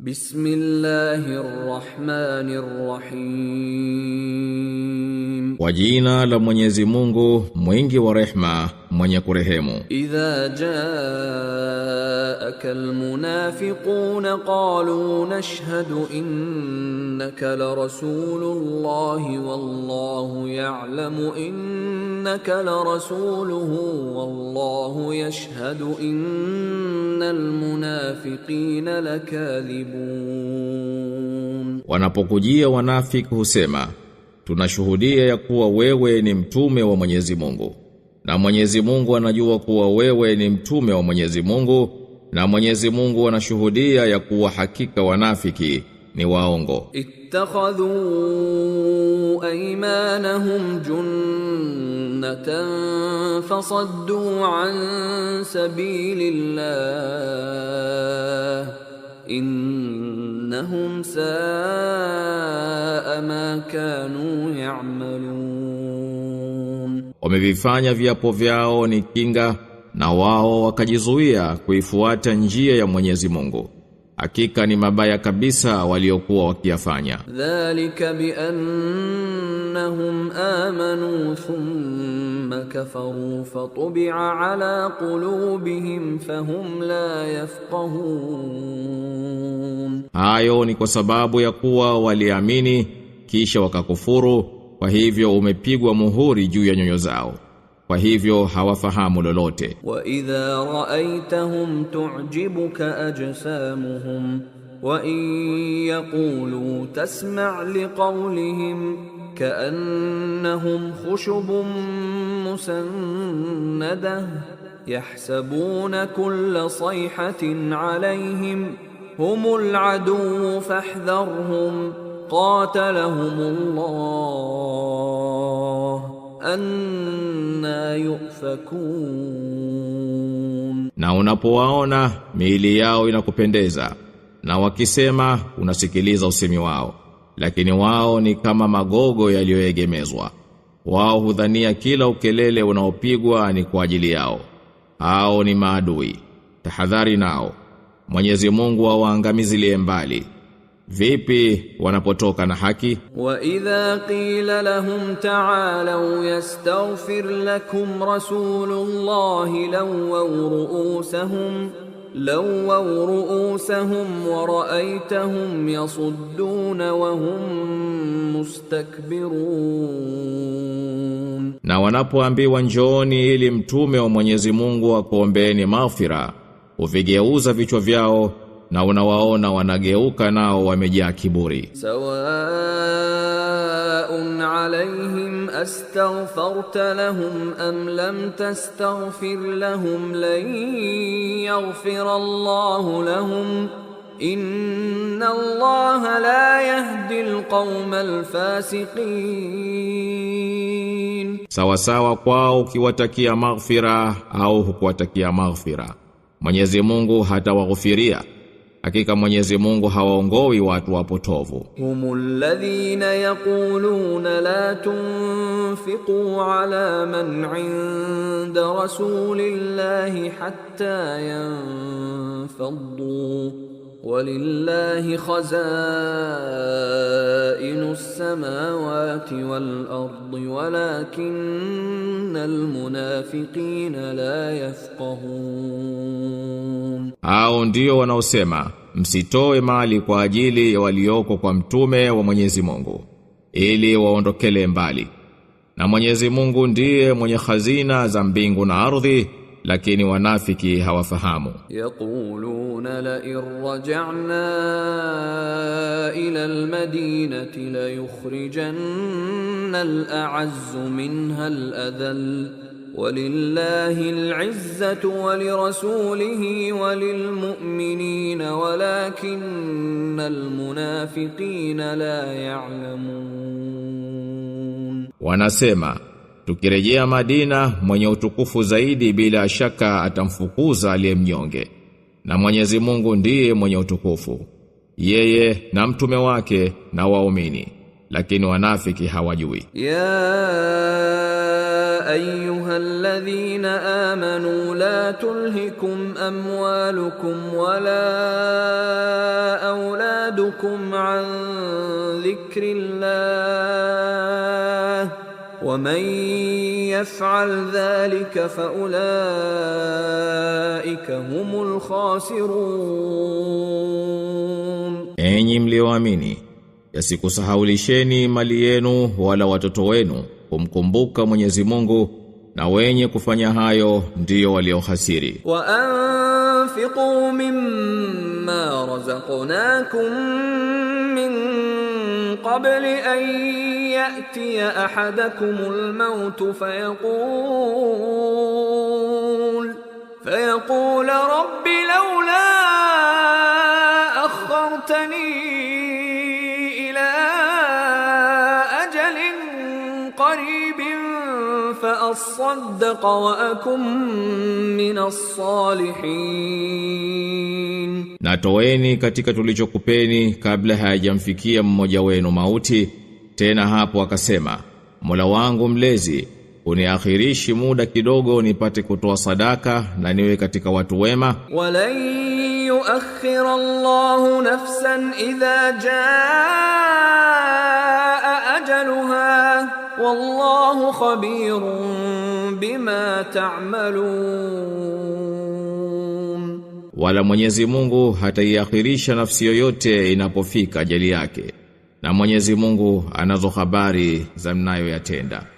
Bismillahir Rahmanir Rahim. Kwa jina la Mwenyezi Mungu, mwingi wa rehma, mwenye kurehemu. Idha jaa اتاك المنافقون قالوا نشهد انك لرسول الله والله يعلم انك لرسوله والله يشهد ان المنافقين لكاذبون wanapokujia wanafiki husema tunashuhudia ya kuwa wewe ni mtume wa Mwenyezi Mungu na Mwenyezi Mungu anajua kuwa wewe ni mtume wa Mwenyezi Mungu na Mwenyezi Mungu anashuhudia ya kuwa hakika wanafiki ni waongo. Ittakhadhu aymanahum junnatan fasaddu an sabilillah innahum saa ma kanu ya'malun, wamevifanya viapo vyao ni kinga na wao wakajizuia kuifuata njia ya Mwenyezi Mungu hakika ni mabaya kabisa waliokuwa wakiyafanya. Dhalika bi annahum amanu thumma kafaru fatubi'a ala qulubihim fahum la yafqahun, hayo ni kwa sababu ya kuwa waliamini kisha wakakufuru, kwa hivyo umepigwa muhuri juu ya nyoyo zao. kwa hivyo hawafahamu lolote. Wa idha raaitahum tu'jibuka ajsamuhum wa in yaqulu tasma' liqawlihim ka'annahum khushubun musannadah yahsabuna kulla sayhatin 'alayhim humul aduwwu fahdharhum qatalahumullah an takun, na unapowaona miili yao inakupendeza, na wakisema unasikiliza usemi wao, lakini wao ni kama magogo yaliyoegemezwa. Wao hudhania kila ukelele unaopigwa ni kwa ajili yao. Hao ni maadui, tahadhari nao. Mwenyezi Mungu awaangamizie mbali vipi wanapotoka na haki wa idha qila lahum ta'alu yastaghfir lakum rasulullahi law ru'usahum lawaw ru'usahum wa ra'aytahum yasudduna wa hum mustakbirun na wanapoambiwa njooni ili mtume wa Mwenyezi Mungu akuombeeni maghfira uvigeuza vichwa vyao na unawaona wanageuka nao wamejaa kiburi. Sawaun alayhim astaghfarta lahum am lam tastaghfir lahum lan yaghfira Allah lahum inna Allah la yahdi alqawm alfasiqin, sawasawa kwao ukiwatakia maghfira au hukuwatakia maghfira Mwenyezi Mungu hatawaghufiria Hakika Mwenyezi Mungu hawaongoi watu wapotovu. Humul ladhina yaquluna la tunfiqu ala man inda rasulillahi hatta yanfaddu walillahi khazainu samawati wal ardi walakinnal munafiqina la yafqahun, hao ndio wanaosema msitoe mali kwa ajili ya walioko kwa mtume wa Mwenyezi Mungu ili waondokele mbali na Mwenyezi Mungu ndiye mwenye hazina za mbingu na ardhi lakini wanafiki hawafahamu. Yaquluna la irja'na ila almadinati la yukhrijanna al'azzu minha al ولله al ولرسوله وللمؤمنين ولكن المنافقين لا يعلمون wanasema tukirejea Madina mwenye utukufu zaidi bila shaka atamfukuza aliyemnyonge na Mwenyezi Mungu ndiye mwenye utukufu yeye na mtume wake na waumini lakini wanafiki hawajui ya ايها الذين امنوا لا تلهكم اموالكم ولا اولادكم عن ذكر الله ومن يفعل ذلك فاولئك هم الخاسرون enyi mlioamini يسكو mali شيني مالينو ولا وتتوينو kumkumbuka Mwenyezi Mungu na wenye kufanya hayo ndiyo waliohasiri. Wa anfiqu mimma razaqnakum min qabli an ya'tiya ahadakumul mautu fayaqul fayaqul rabbi lawla قريب fa asaddaq من الصالحين min katika tulichokupeni kabla hayajamfikia mmoja wenu mauti. Tena hapo akasema, Mola wangu mlezi uniakhirishi muda kidogo nipate kutoa sadaka na niwe katika watu wema. walan yuakhir allah nafsan idha jaa wallahu khabirun bima ta'malun, wala Mwenyezi Mungu hataiakhirisha nafsi yoyote inapofika ajali yake, na Mwenyezi Mungu anazo habari za mnayoyatenda.